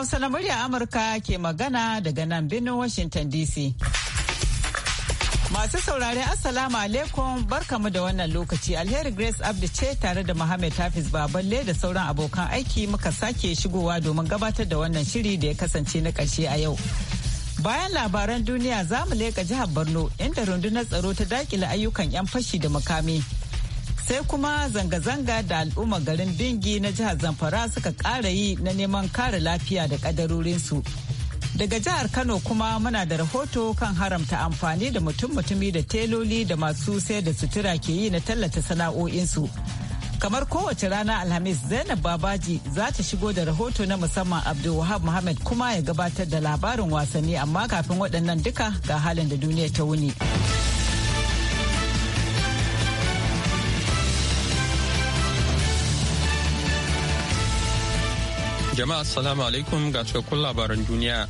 Hausa na murya Amurka ke magana daga nan birnin Washington DC. Masu saurare Assalamu alaikum barkamu da wannan lokaci alheri Grace Abdi ce tare da Muhammad Hafiz Baballe da sauran abokan aiki muka sake shigowa domin gabatar da wannan shiri da ya kasance na ƙarshe a yau. Bayan labaran duniya za mu leƙa jihar Borno inda rundunar tsaro ta dakile ayyukan 'yan fashi da makami. sai kuma zanga-zanga da al'umma garin Bingi na jihar Zamfara suka ƙara yi na neman kare lafiya da ƙadarorinsu. Daga jihar Kano kuma muna da rahoto kan haramta amfani da mutum-mutumi da teloli da masu sayar da sutura ke yi na tallata sana'o'insu. Kamar kowace rana Alhamis Zainab Babaji za ta shigo da rahoto na musamman Abdulwahab Muhammad kuma ya gabatar da labarin wasanni amma kafin waɗannan duka ga halin da duniya ta wuni. Jama'a Assalamu alaikum ga cikakkun labaran duniya.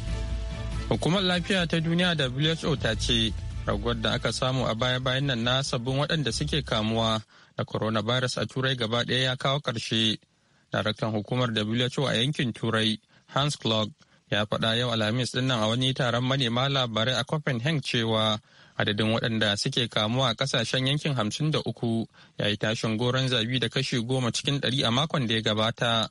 Hukumar lafiya ta duniya WHO ta ce raguwar da aka samu a baya-bayan nan na sabbin waɗanda suke kamuwa da coronavirus a turai gaba ɗaya ya kawo ƙarshe. Daraktan hukumar WHO a yankin turai Hans Klug ya faɗa yau Alhamis ɗin nan a wani taron manema labarai a Copenhagen cewa adadin waɗanda suke kamuwa a ƙasashen yankin hamsin da uku ya yi tashin goron zabi da kashi goma cikin ɗari a makon da ya gabata.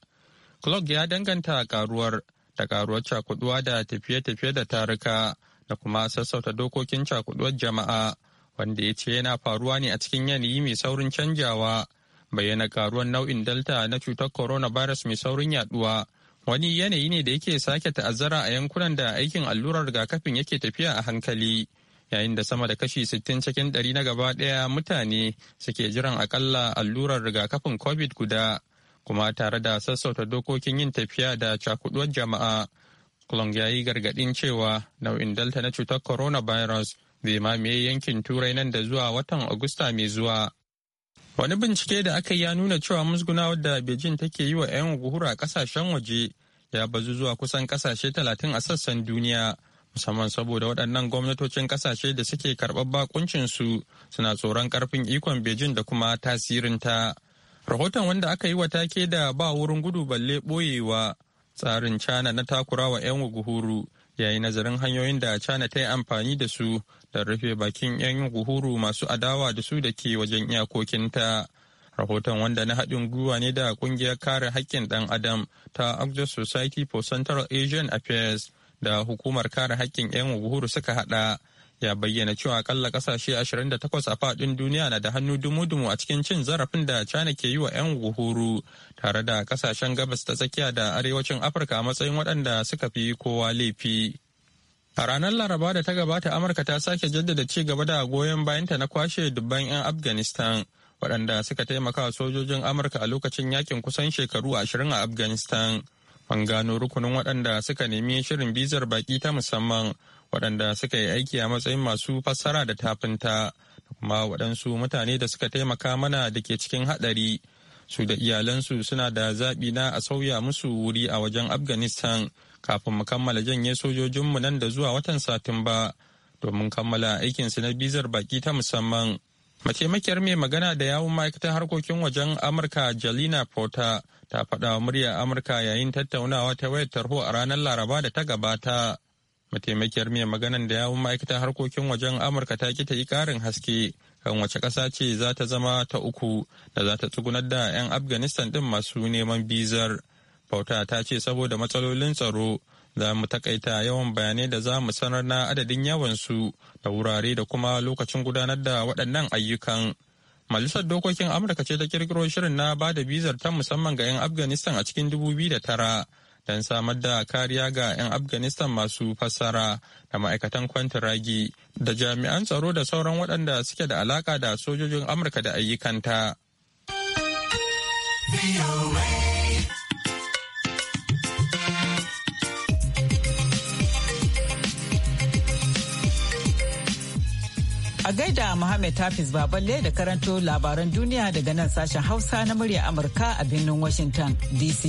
Clark ya danganta karuwar da karuwar cakuduwa da tafiye-tafiye da taruka da kuma sassauta dokokin cakuduwar jama'a wanda ya ce yana faruwa ne a cikin yanayi mai saurin canjawa bayyana karuwar nau'in delta na cutar corona virus mai saurin yaduwa wani yanayi ne da yake sake ta'azzara a yankunan da aikin allurar rigakafin yake tafiya a hankali yayin da sama da kashi sittin cikin 100 na gaba ɗaya mutane suke jiran akalla allurar rigakafin covid guda kuma tare da sassauta dokokin yin tafiya da cakuduwar jama'a Klong ya yi gargaɗin cewa nau'in Delta na cutar coronavirus zai mamaye yankin Turai nan da zuwa watan Agusta mai zuwa. Wani bincike da aka yi ya nuna cewa musguna da Beijing take yi wa 'yan guhura kasashen waje ya bazu zuwa kusan kasashe talatin a sassan duniya. Musamman saboda waɗannan gwamnatocin kasashe da suke karɓar bakuncinsu suna tsoron ƙarfin ikon Beijing da kuma tasirinta. ta. rahoton wanda aka yi wa take da ba wurin gudu balle boyewa tsarin cana na takurawa 'yan guhuru yayi nazarin hanyoyin da cana ta yi amfani da su don rufe bakin 'yan guhuru masu adawa da su da ke wajen iyakokinta rahoton wanda na haɗin gwiwa ne da ƙungiyar kare haƙƙin ɗan adam ta Access society for central asian affairs da hukumar kare haƙƙin 'yan guhuru suka haɗa ya bayyana cewa akalla kasashe 28 a faɗin duniya na da hannu dumu-dumu a cikin cin zarafin da China ke yi wa 'yan guhuru tare da kasashen gabas ta tsakiya da arewacin Afirka a matsayin waɗanda suka fi kowa laifi. A ranar Laraba da ta gabata Amurka ta sake jaddada ci gaba da goyon bayanta na kwashe dubban 'yan Afghanistan waɗanda suka taimaka sojojin Amurka a lokacin yakin kusan shekaru ashirin a Afghanistan. An gano rukunin waɗanda suka nemi shirin bizar baƙi ta musamman waɗanda suka yi aiki a matsayin masu fassara da tafinta da kuma waɗansu mutane da suka taimaka mana da ke cikin haɗari su da iyalansu suna da zaɓi na a sauya musu wuri a wajen afghanistan kafin mu kammala janye sojojinmu nan da zuwa watan satumba domin kammala aikinsu na bizar baki ta musamman mataimakiyar mai magana da yawun ma'aikatan harkokin wajen amurka jalina porter ta faɗa wa muryar amurka yayin tattaunawa ta wayar tarho a ranar laraba da ta gabata mataimakiyar mai maganan da yawun ma'aikatar harkokin wajen amurka ta ki ta yi karin haske kan wace ƙasa ce za ta zama ta uku da za ta tsugunar da 'yan afghanistan din masu neman bizar bauta ta ce saboda matsalolin tsaro za mu takaita yawan bayanai da za mu sanar na adadin yawansu da wurare da kuma lokacin gudanar da waɗannan ayyukan Majalisar Dokokin Amurka ce ta kirkiro shirin na ba da bizar ta musamman ga 'yan Afghanistan a cikin 2009 don samar da kariya ga 'yan afghanistan masu fassara da ma'aikatan ragi da jami'an tsaro da sauran waɗanda suke da alaka da sojojin amurka da ayyukanta A gaida Muhammad Hafiz Baballe da karanto labaran duniya daga nan sashen Hausa na murya Amurka a birnin Washington DC.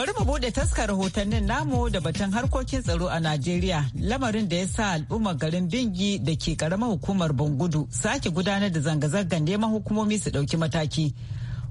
Bari mu buɗe taskar rahotannin namu da batun harkokin tsaro a Najeriya lamarin da ya sa al'ummar garin Bingi da ke karamar hukumar Bangudu sake gudanar da zanga-zangar neman hukumomi su dauki mataki.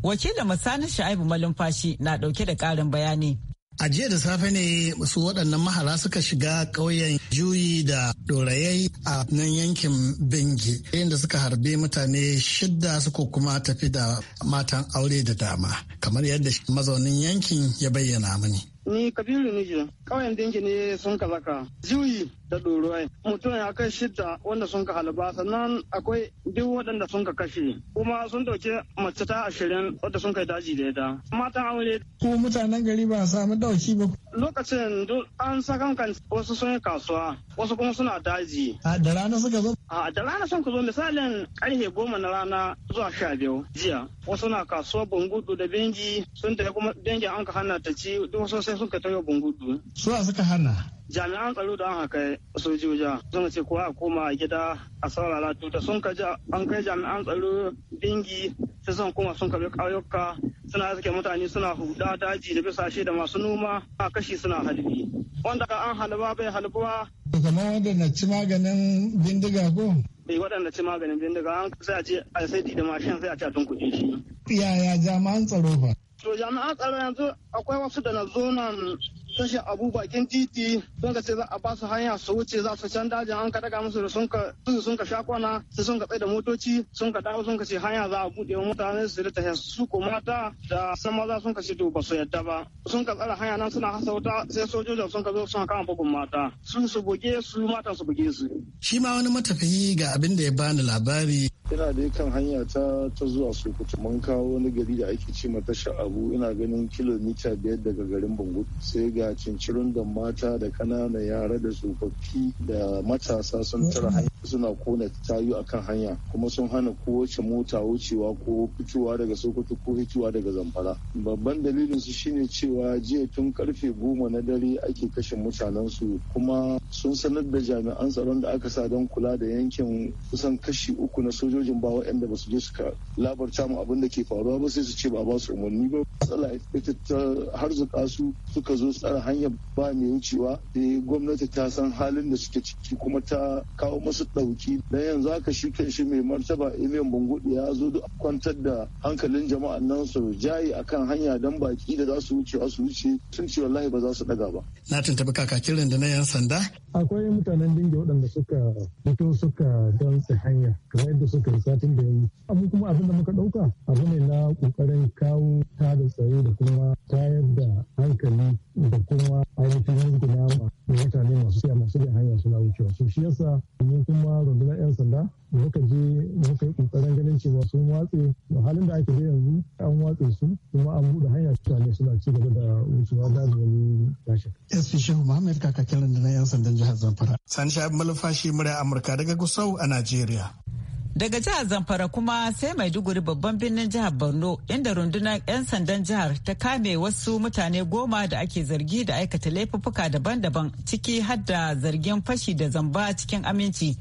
Wakilin Musani Sha'ibu Malumfashi na dauke da karin bayani. A jiya da safe ne su waɗannan mahara suka shiga ƙauyen juyi da ɗorayai a nan yankin Bengi inda suka harbe mutane shidda suka kuma tafi da matan aure da dama kamar yadda mazaunin yankin ya bayyana mani. ni kabiru nije kawai dinki ne sun ka zaka juyi da ɗoruwai mutum ya kai shida wanda sun ka halaba sannan akwai duk waɗanda sun ka kashe kuma sun dauke mace ta ashirin wadda sun kai daji da ita matan aure. ko mutanen gari ba samu dauki ba. lokacin duk an sakan kan wasu sun kasuwa wasu kuma suna daji. a da rana suka zo. a da rana sun ka zo misalin karfe goma na rana zuwa sha biyu jiya wasu na kasuwa bungudu da benji sun tafi kuma benji an ka hana ta ci duk wasu sai suka ka tayo bungudu. Su a suka hana. Jami'an tsaro da an haka sojoja sun ce kowa a koma a gida a saura latu da sun kaji an kai jami'an tsaro dingi sai sun koma sun karbi ƙauyuka suna suke mutane suna huda daji da bisashe da masu noma a kashi suna halbi. Wanda ka an halba bai halbuwa. Kamar wanda na ci maganin bindiga ko? bai eh, waɗanda ci maganin bindiga an sai a ce a sai da mashin sai a ce a tun kuɗi shi. Yaya jami'an tsaro ba? To jami'an tsaro yanzu akwai wasu da na zo nan tashin abu bakin titi sun ka ce za a ba su hanya su wuce za su can dajin an ka daga musu da sun ka sun ka shakona sai sun ka tsaye da motoci sun ka dawo sun ka ce hanya za a buɗe wa mutane su da tashin su ko mata da san maza sun ka ce to ba su yadda ba sun ka tsara hanya nan suna hasa wuta sai sojoji sun ka zo sun kama bugun mata su su buge su mata su buge su. shi ma wani matafiyi ga abin da ya bani labari ina da kan hanya ta ta zuwa sokoto mun kawo wani gari da ake ce mata sha'abu ina ganin kilomita biyar daga garin bango sai ga cincirin da mata da kanana yara da tsofaffi da matasa sun tara mm-hmm. hanya suna kona tayu akan hanya kuma sun hana kowace mota wucewa ko fitowa daga sokoto ko fitowa daga zamfara babban dalilin su shine cewa jiya tun karfe goma na dare ake kashe mutanen su kuma sun sanar da jami'an tsaron da aka sa don kula da yankin kusan kashi uku na sojoji sojojin ba waɗanda ba su je suka labarta mu abin da ke faruwa ba sai su ce ba ba su umarni ba matsala ita ta harzuka su suka zo tsara hanyar ba mai wucewa da gwamnati ta san halin da suke ciki kuma ta kawo musu ɗauki dan yanzu haka shi kan shi mai martaba Iliyan Bangudu ya zo duk kwantar da hankalin jama'an nan su jayi akan hanya dan baki da za su wuce su wuce sun ce wallahi ba za su daga ba. Na tuntubi kakakin da na yan sanda. Akwai mutanen dinga waɗanda suka fito suka dantse hanya kamar yadda suka kai satin da yayi abu kuma abin da muka dauka abu ne na kokarin kawo ta da tsaye da kuma tayar da hankali da kuma ainihin gina ma mutane masu siya masu bin hanya suna wucewa so shi yasa mu kuma rundunar yan sanda muka je muka yi kokarin ganin cewa sun watse halin da ake da yanzu an watse su kuma an buɗe hanya mutane suna ci gaba da wucewa da wani tashin. SP Shehu kyalin kakakin rundunar yan sandan jihar Zamfara. Sani Shahab shi murya Amurka daga Gusau a Najeriya. Daga jihar Zamfara kuma sai Maiduguri babban birnin jihar Borno inda rundunar 'yan sandan jihar ta kame wasu mutane goma da ake zargi da aikata laifuffuka daban-daban ciki har zargin fashi da zamba cikin aminci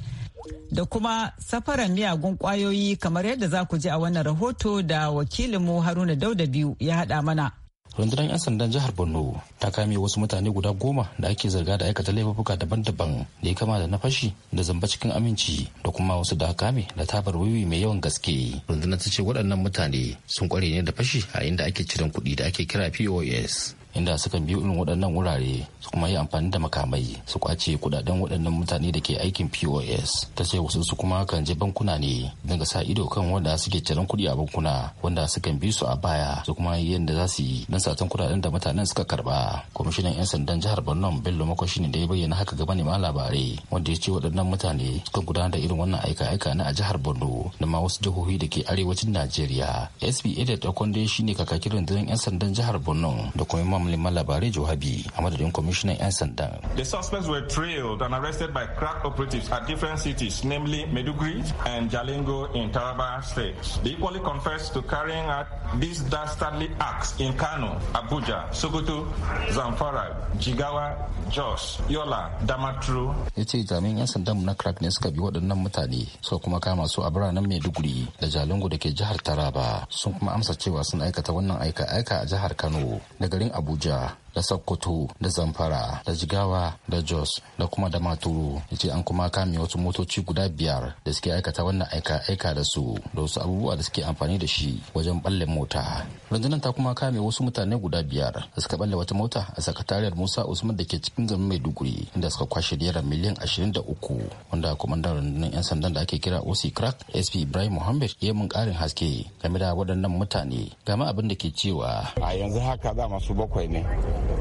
da kuma safaran miyagun kwayoyi kamar yadda za ku ji a wannan rahoto da wakilinmu Haruna Dauda biyu ya haɗa mana. rundunar 'yan sandan jihar borno ta kame wasu mutane guda goma da ake zarga da aikata laifuka daban-daban da ya kama da na fashi da zamba cikin aminci da kuma wasu da kame da tabar wiwi mai yawan gaske rundunar ta ce waɗannan mutane sun kware ne da fashi a inda ake ciran kuɗi da ake kira pos inda sukan biyu irin waɗannan wurare su kuma yi amfani da makamai su kwace kudaden waɗannan mutane da ke aikin pos ta ce wasu su kuma kan je bankuna ne daga sa ido kan wanda suke ciran kuɗi a bankuna wanda sukan bi su a baya su kuma yi yadda za su yi don satan kudaden da mutanen suka karba kwamishinan 'yan sandan jihar borno bello makoshi ne da ya bayyana haka ga manema labarai wanda ya ce waɗannan mutane sukan gudanar da irin wannan aika-aika na a jihar borno da ma wasu jihohi da ke arewacin najeriya sba da ɗaukon dai shine kakakin rundunar 'yan sandan jihar borno da kuma samun labarai jawabi a madadin kwamishinan 'yan sanda. The suspects were trailed and arrested by crack operatives at different cities, namely Meduguri and Jalingo in Taraba State. They equally confessed to carrying out these dastardly acts in Kano, Abuja, Sokoto, Zamfara, Jigawa, Jos, Yola, Damaturu. Ya ce jami'an 'yan sanda na crack ne suka bi waɗannan mutane so kuma kama su a biranen Maiduguri da Jalingo da ke jihar Taraba sun kuma amsa cewa sun aikata wannan aika-aika a jihar Kano da garin Abuja. abuja da sokoto da zamfara da jigawa da jos da kuma da maturu ya ce an kuma kame wasu motoci guda biyar da suke aikata wannan aika-aika da su da wasu abubuwa da suke amfani da shi wajen balle mota rundunar ta kuma kame wasu mutane guda biyar da suka balle wata mota a sakatariyar musa usman da ke cikin mai maiduguri inda suka kwashe naira miliyan ashirin da uku wanda kwamandan rundunar yan sandan da ake kira oc crack sp ibrahim muhammad ya mun karin haske game da waɗannan mutane game abin da ke cewa a yanzu haka za masu bakwai ne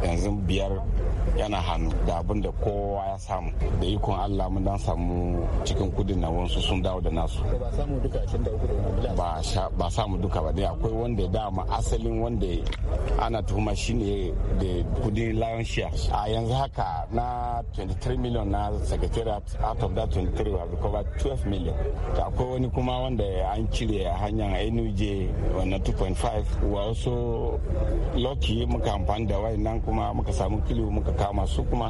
yanzu biyar yana hannu da abin da kowa ya samu da ikon allah mun dan samu cikin kudin na wasu sun dawo da nasu ba samu duka ba dai akwai wanda dama asalin wanda ana tuhuma shine da kudin lion share a yanzu haka na 23 million na secretariat out of that 23 we have recovered 12 million akwai wani kuma wanda an cire a hanyar nuj wannan 2.5 wa wasu loki muka amfani da nan kuma muka samu kilo muka kama su kuma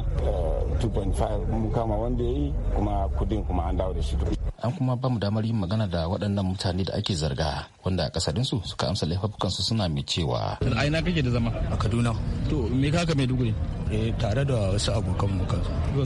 2.5 eh, mun kama wanda ya yi kuma kudin kuma an dawo da shi an kuma ba mu damar yin magana da waɗannan mutane da ake zarga wanda a kasarinsu suka amsa su suna mai cewa a kake da zama a kaduna to me kaka mai duguri eh tare da wasu abokan mu kan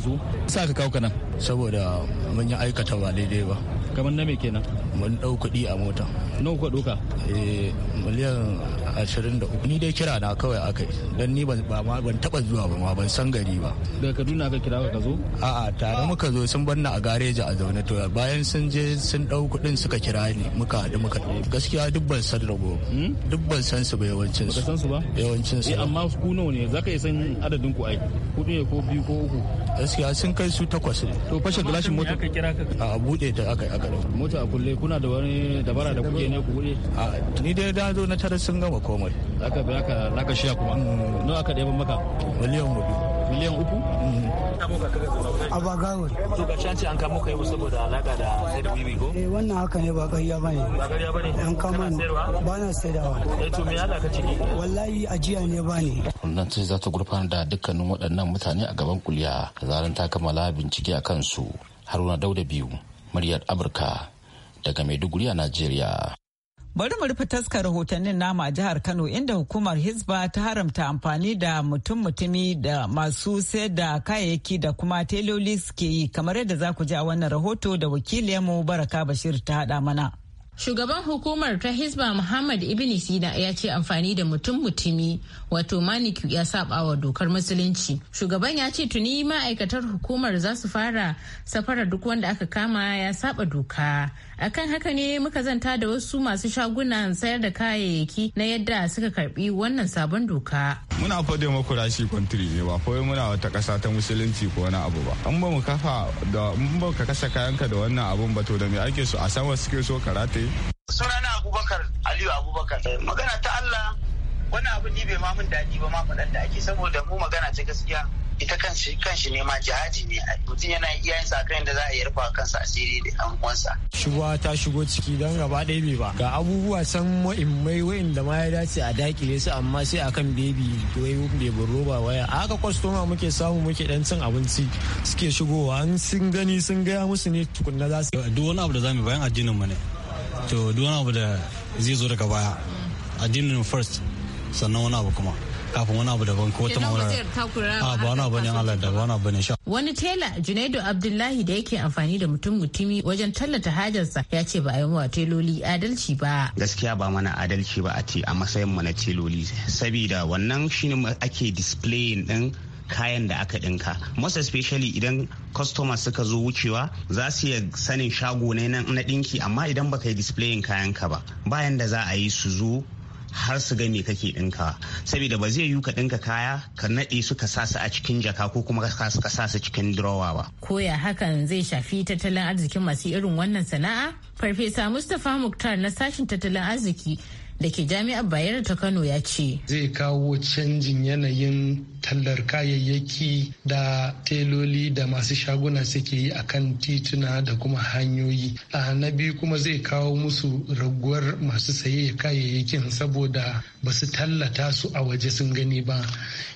su sa ka kawo kana saboda mun yi aikata ba daidai ba kamar na me kenan mun dau kuɗi a mota nawa kuka duka eh miliyan 23 ni dai kira na kawai akai dan ni ban ba ma ban taba zuwa ba ma ban san gari ba daga Kaduna ka kira ka zo a'a tare muka zo sun barna a gareji a zaune to bayan sun je sun dau kuɗin suka kira ni muka hadu muka gaskiya duk ban san rabo hmm? duk ban san su ba yawancin su ba yawancin su eh, amma ku nawa ne zaka yi san adadin ku ai kuɗi ne ko biyu ko uku gaskiya sun kai su takwas ne to fashe gilashin mota aka kira ka a bude ta aka aka mota a kulle kuna da wani dabara da kuke ne ku bude a ni dai da zo na tare sun gama komai mm. aka bi aka naka shiya kuma no aka ɗaya maka miliyan hudu miliyan 3 a bagawar to ga canci an kamo kai saboda alaka da sai da wiwi ko eh wannan haka ne ba ƙarya bane ba ƙarya bane an kama ba na saidawa eh to me alaka ciki wallahi ajiya ne bane wannan sai za ta gurfanar da dukkanin waɗannan mutane a gaban kuliya zaran ta kammala bincike a kansu haruna dauda biyu muryar amurka daga maiduguri a najeriya Bari mu rufe taskar rahotannin nama a jihar Kano inda hukumar hisba ta haramta amfani da mutum-mutumi da masu sayar da kayayyaki da kuma teloli suke yi kamar yadda za ku ji a wannan rahoto da mu Baraka Bashir ta haɗa mana. Shugaban hukumar ta hisba Muhammad Ibn Sina ya ce amfani da mutum-mutumi wato manik ya saba wa dokar musulunci. Shugaban ya ce tuni ma'aikatar hukumar za su fara safarar duk wanda aka kama ya saba doka. akan haka ne muka zanta da wasu masu shagunan sayar da kayayyaki na yadda suka karbi wannan sabon doka muna fa democracy country ne ba kawai muna wata kasa ta musulunci ko wani abu ba an ba mu kafa da in ba ka kasa kayanka da wannan abun ba to da me ake so a sama suke so karate sunana abubakar aliyu abubakar magana ta allah wannan abu ni bai ma mun daɗi ba ma faɗan da ake saboda mu magana ta gaskiya ita kanshi kanshi ne ma jihadi ne mutum yana iya yin sakan da za a yi rufa kansa asiri da ɗan uwansa. Shubuwa ta shigo ciki don gaba ɗaya bai ba. Ga abubuwa san wa'in da ma ya dace a dakile su amma sai akan bebi wai bebi roba waya. A haka kwastoma muke samu muke ɗan cin abinci suke shigowa an sun gani sun gaya musu ne tukunna za su. Duk wani abu da mu bayan addinin mu ne. To duk wani abu da zai zo daga baya. Addinin first sannan wani abu kuma kafin wani abu daban ko ta mawara a ba wani abu ne Allah da wani abu ne sha wani tela Junaidu Abdullahi da yake amfani da mutum mutumi wajen tallata hajarsa ya ce ba a yi wa teloli adalci ba gaskiya ba mana adalci ba a ce a matsayin mu na teloli saboda wannan shine ake display din kayan da aka dinka most especially idan customer suka zo wucewa za su iya sanin shago ne na dinki amma idan baka yi displayin kayan ka ba bayan da za a yi su zo har su ga me kake dinka saboda ba zai yi ka dinka kaya ka nade su ka sasa a cikin jaka ko kuma ka sasa cikin drawer ba koya hakan zai shafi tattalin arzikin masu irin wannan sana'a farfesa mustapha muktar na sashin tattalin arziki da ke jami'ar bayar ta kano ya ce zai kawo canjin yanayin tallar kayayyaki da teloli da masu shaguna suke yi akan tituna da kuma hanyoyi a na biyu kuma zai kawo musu raguwar masu saye kayayyakin saboda ba su tallata su a waje sun gani ba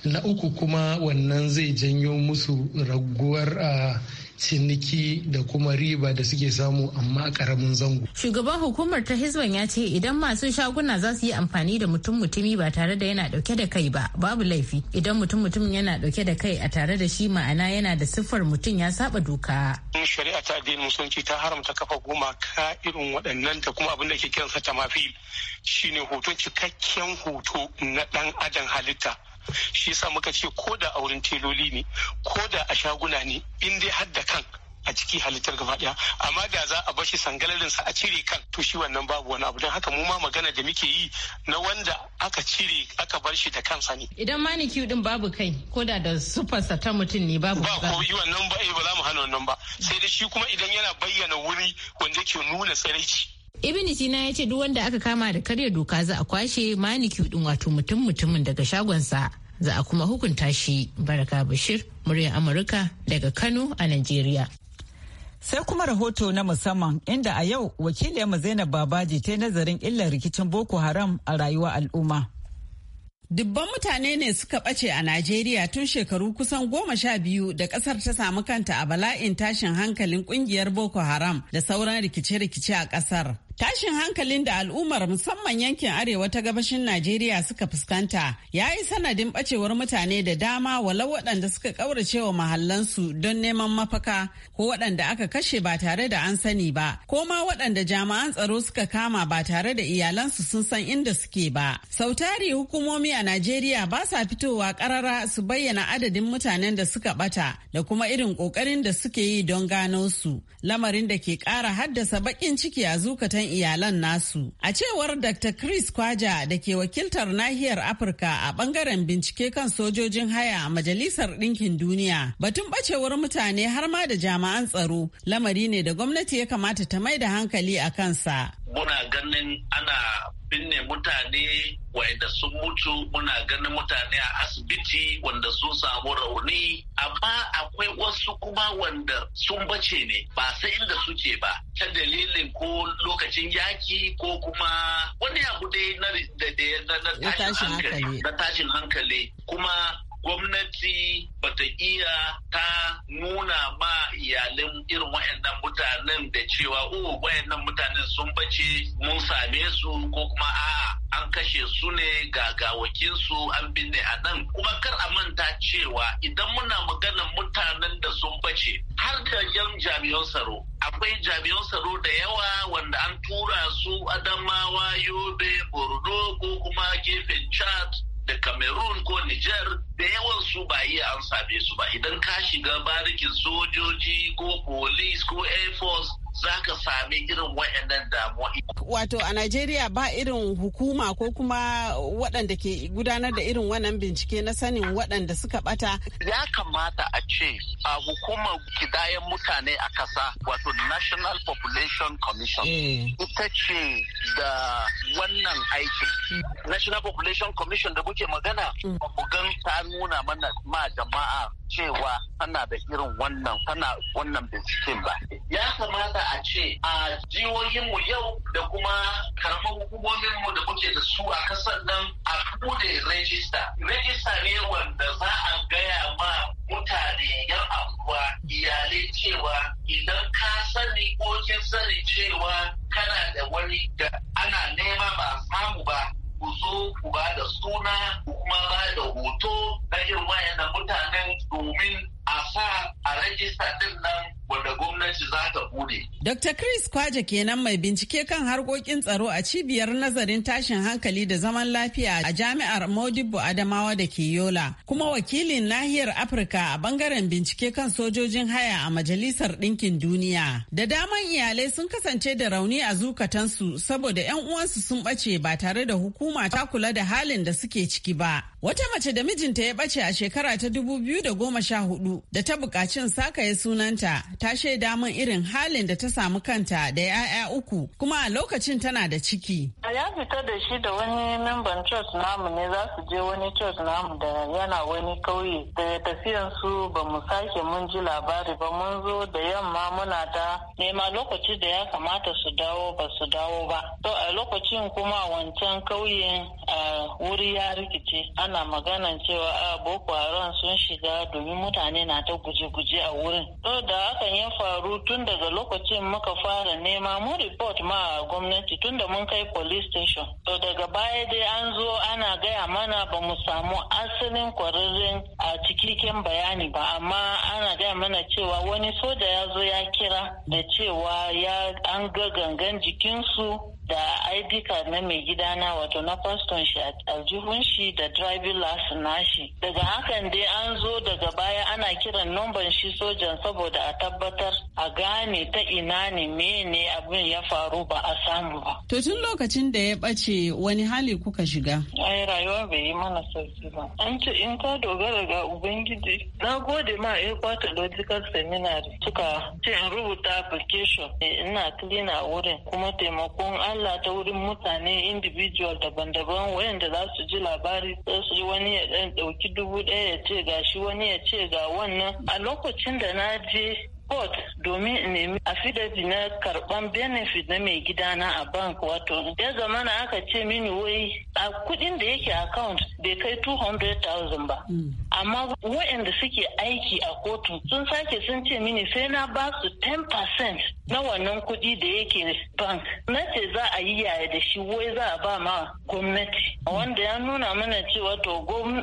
na uku kuma wannan zai janyo musu raguwar ah, ciniki da kuma riba da suke samu amma karamin zango. Shugaban hukumar ta Hizban ya ce idan masu shaguna za su yi amfani da mutum mutumi ba tare da yana dauke da kai ba babu laifi idan mutum mutumin yana dauke da kai a tare da shi ma'ana yana da siffar mutum ya saba doka. Shari'a ta addinin musulunci ta haramta kafa goma ka irin waɗannan da kuma abin da ke kiransa tamafil shine hoton cikakken hoto na ɗan adam halitta. shi yasa muka ce ko da a wurin teloli ne ko da a shaguna ne in dai har da kan a ciki halittar gaba daya amma da za a bashi sangalarin sa a cire kan to shi wannan babu wani abu don haka mu ma magana da muke yi na wanda aka cire aka bar shi da kansa ne idan maniki din babu kai ko da da sa ta mutum ne babu ba ko yi wannan ba eh, ba za mu hana wannan ba sai da shi kuma idan yana bayyana wuri wanda yake nuna tsiraici Ibn Sina ya ce duk wanda aka kama da karya doka za a kwashe maniki din wato mutum mutumin daga shagonsa za a kuma hukunta shi baraka bashir muryar amurka daga kano a Najeriya. sai kuma rahoto na musamman inda a yau wakiliyarmu zainab babaji ta nazarin illar rikicin boko haram a rayuwar al'umma Dubban mutane ne suka ɓace a Najeriya tun shekaru kusan goma sha biyu da ƙasar ta samu kanta a bala'in tashin hankalin ƙungiyar Boko Haram da sauran rikice-rikice a ƙasar. Tashin hankalin da al'ummar musamman yankin arewa ta gabashin Najeriya suka fuskanta ya yi sanadin bacewar mutane da dama walau waɗanda suka ƙaurace wa mahallansu don neman mafaka ko waɗanda aka kashe ba tare da an sani ba ko ma waɗanda jami'an tsaro suka kama ba tare da iyalansu sun san inda suke ba. Sautari hukumomi a Najeriya ba sa fitowa ƙarara su bayyana adadin mutanen da suka ɓata da kuma irin ƙoƙarin da suke yi don gano su lamarin da ke ƙara haddasa baƙin ciki a zukatan sauran iyalan nasu. A cewar Dr. Chris Kwaja da ke wakiltar nahiyar Afirka a bangaren bincike kan sojojin haya a Majalisar Ɗinkin Duniya, batun bacewar mutane har ma da jami'an tsaro lamari ne da gwamnati ya kamata ta mai da hankali a kansa. Muna ganin ana binne mutane wanda sun mutu muna ganin mutane a asibiti wanda sun samu rauni amma akwai wasu kuma wanda sun bace ne ba sai inda suke ba ta dalilin ko lokacin yaki ko kuma wani abu dai na tashin hankali kuma gwamnati bata iya ta nuna ma iyalin irin wayannan mutanen da cewa o wayannan mutanen sun bace mun same su ko kuma a'a an kashe su ne ga gawakinsu an binne a nan kuma kar a manta cewa idan muna maganar mutanen da sun bace har da yan jami'an tsaro akwai jami'an tsaro da yawa wanda an tura su adamawa yobe borno ko kuma gefen chad da cameroon ko niger da yawan su ba iya an same su ba idan ka shiga barikin sojoji ko police ko air force za ka sami irin waɗannan damuwa. Wato a Najeriya ba irin hukuma ko kuma waɗanda ke gudanar da irin wannan bincike na sanin waɗanda suka ɓata. Ya kamata a ce a hukumar kidayen mutane a kasa wato National Population Commission. Eh. Ita ce da wannan aikin. Hmm. National Population Commission da muke magana hmm. ba nuna mana ma jama'a cewa tana da irin wannan tana wannan binciken ba. Ya kamata a ce a jihohinmu yau da kuma karamar hukumominmu da muke da su a kasar nan a bude rejista. Rejista ne wanda za a gaya ma mutane yan abuwa iyalai cewa idan ka sani ko kin sani cewa kana da wani da ana nema ba samu ba ku zo ku ba da suna ku kuma ba da hoto rajista din nan wanda gwamnati za ta bude. Dr. Chris Kwaje kenan mai bincike kan harkokin tsaro a cibiyar nazarin tashin hankali da zaman lafiya a jami'ar Modibo Adamawa da ke Yola, kuma wakilin nahiyar Afirka a bangaren bincike kan sojojin haya a Majalisar Dinkin Duniya. Da daman iyalai sun kasance da rauni a zukatansu saboda 'yan uwansu sun ɓace ba tare da hukuma ta kula da halin da suke ciki ba. Wata mace da mijinta ya bace a shekara ta 2014 da ta bukacin sakaye sunanta ta shaida min irin halin da ta samu kanta da 'ya'ya uku kuma a lokacin tana da ciki. A ya fita da shi da wani memban church namu ne za su je wani church namu da yana wani kauye da tafiyan su ba mu sake mun ji labari ba mun zo da yamma muna ta nema lokaci da ya kamata su dawo ba su dawo ba. To a lokacin kuma wancan kauyen wuri ya rikice ana ana magana cewa a boko haram sun shiga domin mutane na ta guje-guje a wurin to da hakan ya faru tun daga lokacin muka fara nema mu report ma a gwamnati tun da mun kai police station to daga baya dai an zo ana gaya mana ba mu samu asalin kwararren a cikin bayani ba amma ana gaya mana cewa wani soja ya zo ya kira da cewa ya an ga gangan jikinsu da id card na mai gidana wato na kwaston shi a aljihun shi da driving license nashi daga hakan dai an zo daga baya ana kiran numban shi sojan saboda a tabbatar a gane ta ina ne mene abin ya faru ba a samu ba to tun lokacin da ya bace wani hali kuka shiga ai rayuwa bai yi mana sauki ba an ce in ka dogara ga ubangiji na gode ma logical seminary suka ce in rubuta application eh, ina clean a wurin kuma taimakon Allah ta wurin mutane individual daban-daban wayanda za su ji labari su ji wani ya ɗan ɗauki dubu ɗaya ya ce ga shi wani ya ce ga wannan a lokacin da na je court domin in nemi affidavit na karban benefit na mai gidana a bank wato ya zama aka ce mini wai a kudin da yake account bai kai 200,000 ba. Hmm. amma waɗanda suke aiki a kotu sun sake sun ce mini sai na ba su 10% na wannan kuɗi da yake bank na ce za a yi yaya da shi wai za a ba ma gwamnati wanda ya nuna mana cewa to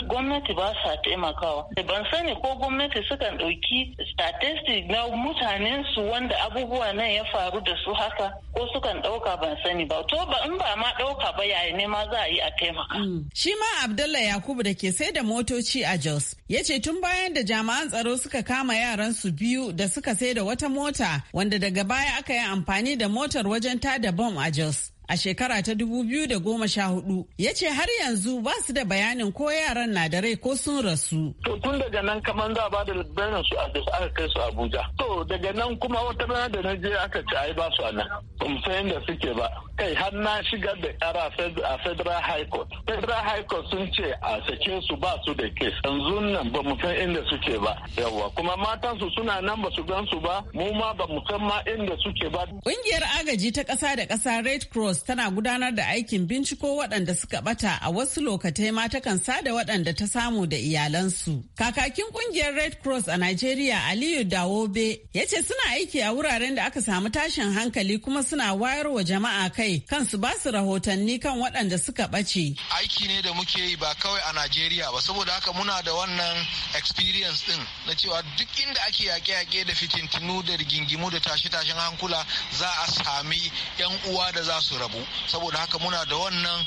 gwamnati ba sa taimakawa ban sani ko gwamnati sukan ɗauki statistic na mutanen su wanda abubuwa nan ya faru da su haka ko sukan ɗauka ban sani ba to ba in ba ma ɗauka ba yaya ne ma za a yi a taimaka. Mm. shi ma abdullahi yakubu da ke sai da motoci a jos Lagos. Ya ce tun bayan da jami'an tsaro suka kama yaran su biyu da suka sai da wata mota wanda daga baya aka yi amfani da motar wajen tada bom a Jos. a shekara ta 2014 ya ce har yanzu ba su da bayanin ko yaran na da rai ko sun rasu. To tun daga nan kamar za a ba da bayanin su a da aka kai su Abuja. To daga nan kuma wata rana da na je aka ci ai ba su a nan. Ban da suke ba. Kai har na shigar da kara a Federal High Court. Federal High Court sun ce a sake su ba su da kes. Yanzu nan ba mu san inda suke ba. Yawwa kuma matan su suna nan ba su gan su ba. Mu ma ba mu san ma inda suke ba. Ƙungiyar agaji ta ƙasa da ƙasa Red Cross tana gudanar da aikin binciko waɗanda suka bata a wasu lokatai ma takan sada waɗanda ta samu da iyalansu. Kakakin kungiyar Red Cross a Nigeria Aliyu Dawobe ya ce suna aiki a wuraren da aka samu tashin hankali kuma suna wayar wa jama'a kai kansu ba su rahotanni kan waɗanda suka bace. Aiki ne da muke yi ba kawai a nigeria ba saboda haka muna da wannan experience din na cewa duk inda ake yaƙe-yaƙe da fitintinu da rigingimu da tashe-tashen hankula za a sami 'yan uwa da za su rabu saboda haka muna da wannan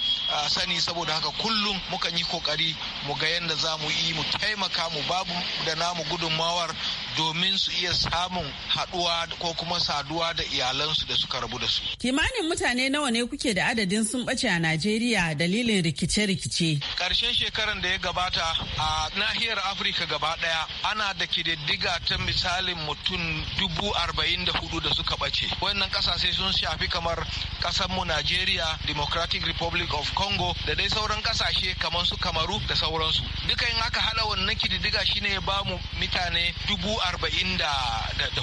sani saboda haka kullum mukan yi kokari mu ga yadda za mu yi mu taimaka mu babu da namu gudunmawar domin su iya samun haduwa ko kuma saduwa da iyalansu da suka rabu da su. Kimanin mutane nawa ne kuke da adadin sun bace a Najeriya dalilin rikice-rikice? karshen shekaran da ya gabata a nahiyar Afirka gaba ɗaya ana da kididdiga ta misalin mutum dubu arba'in da hudu da suka bace Wannan ƙasashe sun shafi kamar mu Najeriya, Democratic Republic of Congo da dai sauran kasashe kamar su Kamaru da sauransu. Dukan aka haɗa wannan kididdiga shine ya bamu mutane dubu arba'in da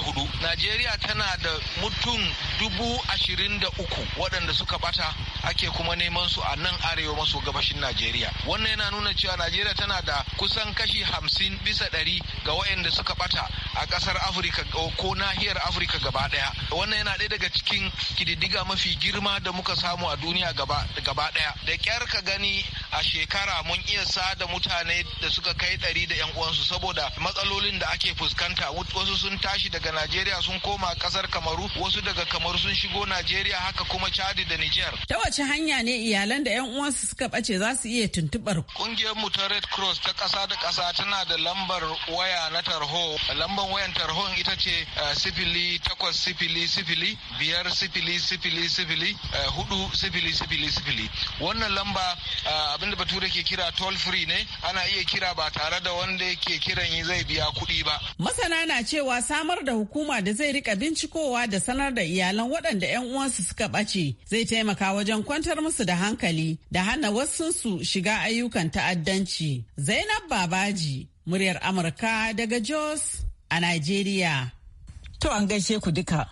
hudu najeriya tana da mutum dubu ashirin da uku waɗanda suka bata ake kuma neman su a nan arewa maso gabashin najeriya wannan yana nuna cewa najeriya tana da kusan kashi hamsin bisa ɗari ga waɗanda suka bata a ƙasar afirka ko nahiyar afirka gaba ɗaya wannan yana ɗaya daga cikin kididdiga mafi girma da muka samu a duniya gaba ɗaya da ƙyar ka gani a shekara mun iya sa da mutane da suka kai ɗari da 'yan uwansu saboda matsalolin da ake fuskanta bambanta wasu sun tashi daga Najeriya sun koma kasar Kamaru wasu daga Kamaru sun shigo Najeriya haka kuma Chadi da Niger. Ta wace hanya ne iyalan da yan uwansu suka bace za su iya tuntubar? Kungiyar mu ta Red Cross ta kasa da kasa tana da lambar waya na tarho. Lambar wayan tarhon ita ce eh, sifili takwas sifili sifili biyar sifili sifili sifili eh, hudu sifili sifili sifili. Wannan lamba eh, abinda bature ke kira toll free ne ana iya kira ba tare da wanda ke kiran zai biya kuɗi ba. Masa Masana na cewa samar da hukuma da zai rika bincikowa da sanar da iyalan waɗanda 'yan uwansu suka ɓace zai taimaka wajen kwantar musu da hankali da hana wasu wasunsu shiga ayyukan ta'addanci. Zainab Babaji, muryar Amurka daga Jos a Najeriya. To an gaishe ku duka.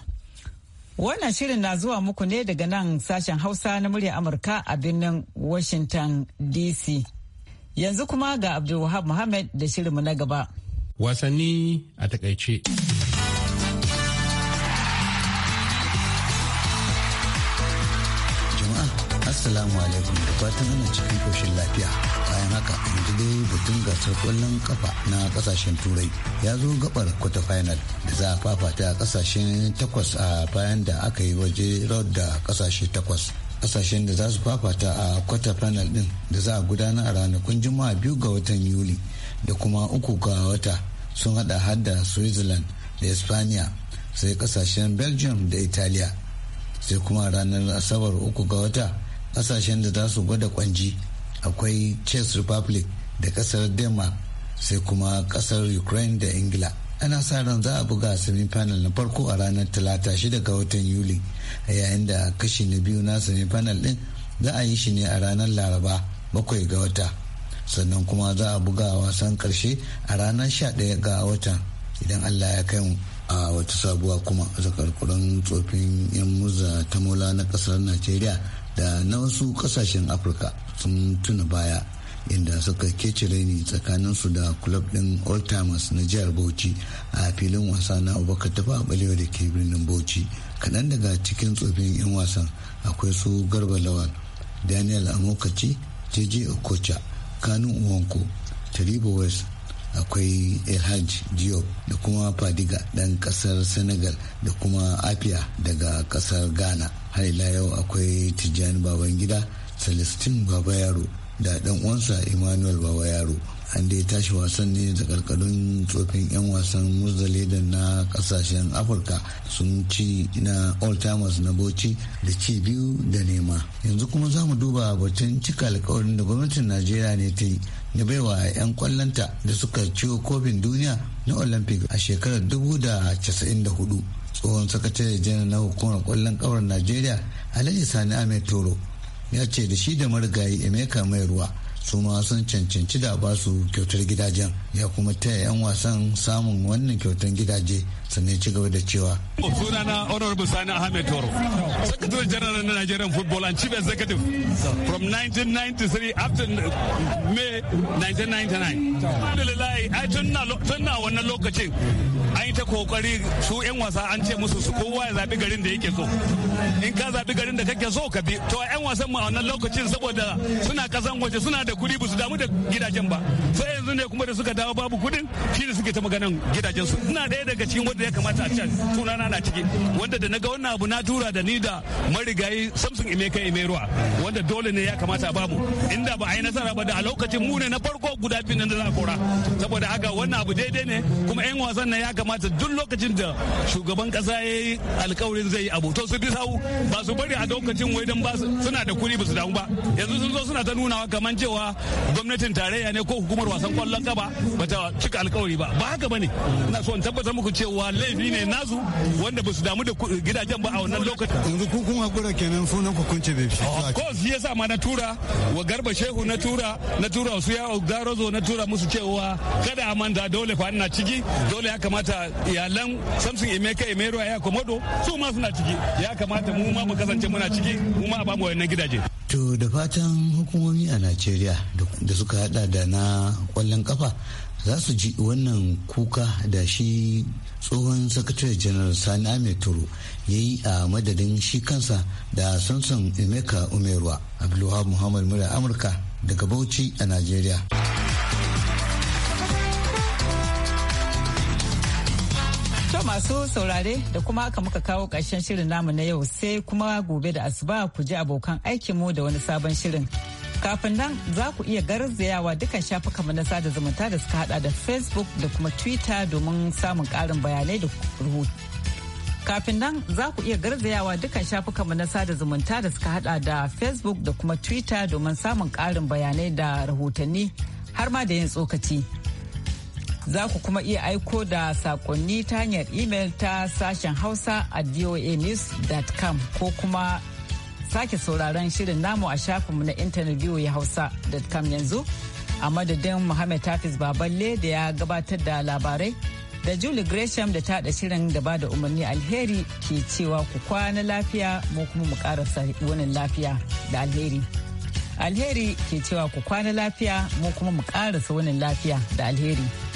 Wannan shirin na zuwa muku ne daga nan sashen Hausa na muryar Amurka a birnin Washington DC. Yanzu kuma ga Abdulwahab Muhammad da shirinmu na gaba. wasanni a takaice. Juma'a Assalamu alaikum da fatan ana cikin koshin lafiya. Bayan haka yanzu dai batun gasar kwallon kafa na kasashen turai ya zo gabar kwata final da za a fafata a kasashen takwas a bayan da aka yi waje road da kasashe takwas. kasashen da za su fafata a kwata final din da za a gudana a ranakun juma'a biyu ga watan yuli da kuma uku ga wata sun hada hadda switzerland da espanya sai kasashen belgium da italiya sai kuma ranar asabar uku ga wata kasashen da za su gwada kwanji akwai czech republic da kasar denmark sai kuma kasar ukraine da ingila ana sa ran za a buga panel na farko a ranar talata shida ga watan yuli yayin da kashi na biyu na semi panel din za a yi shi ne a ranar laraba bakwai ga wata sannan kuma za a buga wasan karshe a ranar 11 ga watan idan allah ya kai mu a wata sabuwa kuma zakarkurin tsofin yan muza ta mola na kasar najeriya da na wasu kasashen afirka sun tuna baya inda suka kece raini su da club din old timers na jihar bauchi a filin wasa na abubakar tafa balewa da ke birnin bauchi kaɗan daga cikin tsofin 'yan wasan akwai su garba lawal daniel amokaci jeje okocha tsakanin uwanku tariba west akwai elhaj diop da kuma fadiga dan kasar senegal da kuma apia daga kasar ghana har ila yau akwai tijjani babangida celestine baba yaro da dan uwansa emmanuel baba yaro an dai tashi wasan ne da karkarun tsofin 'yan wasan muzdaleda na kasashen afirka sun ci na all timers na bauchi da ci biyu da nema yanzu kuma za mu duba batun cika alkawarin da gwamnatin najeriya ne ta yi da baiwa 'yan kwallonta da suka ciwo kofin duniya na olympic a shekarar 1994 tsohon sakatare janar na hukumar kwallon kawar najeriya alhaji sani ahmed toro ya ce da shi da marigayi emeka mai ruwa su ma sun cancanci da ba su kyautar gidajen ya kuma taya 'yan wasan samun wannan kyautar gidaje sannan ci gaba da cewa. sunana honorable sani ahmed toro secretary general na nigerian football and chief executive from 1993 up to may 1999 alhamdulillah ai tun na wannan lokacin an yi ta kokari su 'yan wasa an ce musu su kowa ya zabi garin da yake so in ka zabi garin da kake so ka bi to 'yan wasan ma wannan lokacin saboda suna kasan waje suna da kuɗi ba su damu da gidajen ba sai yanzu ne kuma da suka dawo babu kuɗin shi ne suke ta maganan gidajen su ina ɗaya daga cikin da ya kamata a can sunana na ciki wanda da naga wannan abu na tura da ni da marigayi samson imeka imeruwa wanda dole ne ya kamata a bamu inda ba a yi nasara ba da a lokacin mu na farko guda biyu nan da za a kora saboda haka wannan abu daidai ne kuma yan wasan nan ya kamata duk lokacin da shugaban kasa ya yi alkawarin zai yi abu to su bi sau ba su bari a lokacin wai dan ba suna da kuri ba su damu ba yanzu sun zo suna ta nunawa kamar cewa gwamnatin tarayya ne ko hukumar wasan kwallon kaba ba ta cika alkawari ba ba haka bane ina so in tabbatar muku cewa cewa laifi ne nasu wanda ba su damu da gidajen ba a wannan lokacin. Yanzu ku kun hakura kenan sunan ku kunce bai fi. ko course ya yasa ma na tura wa garba shehu na tura na tura su yawo garozo na tura musu cewa kada a manta dole fa ina ciki dole ya kamata iyalan Samson Emeka Emero ya komodo su ma suna ciki ya kamata mu ma mu kasance muna ciki mu ma a bamu wayannan gidaje. To da fatan hukumomi a Najeriya da suka hada da na kwallon kafa za su ji wannan kuka da shi tsohon sakatare janar sani ahmed turu ya yi a madadin shi kansa da samson emeka Umeruwa abdulwahab muhammad mura amurka daga bauchi a najeriya To masu saurare da kuma aka muka kawo ƙarshen shirin namu na yau sai kuma gobe da asuba ku ji abokan aikinmu da wani sabon shirin. Kafin nan za ku iya garzayawa dukkan mu na sada zumunta da suka hada da Facebook da kuma Twitter domin samun ƙarin bayanai da rubutu. Kafin nan za ku iya garzayawa dukkan mu na sada zumunta da suka hada da Facebook da kuma Twitter domin samun ƙarin bayanai da rahotanni har ma da yin tsokaci. Za ku kuma iya aiko da sakonni ta hanyar imel ta sashen Hausa at voanews.com ko kuma sake sauraron shirin namu a shafinmu na intanet voa yanzu a madadin Muhammad tafis Baballe da ya gabatar da labarai da Julie Gresham da ta da shirin da ba da umarni alheri ke cewa ku kwana lafiya mu kuma mu karasa wani lafiya da alheri. Alheri ke cewa ku kwana lafiya mu kuma mu karasa wani lafiya da alheri.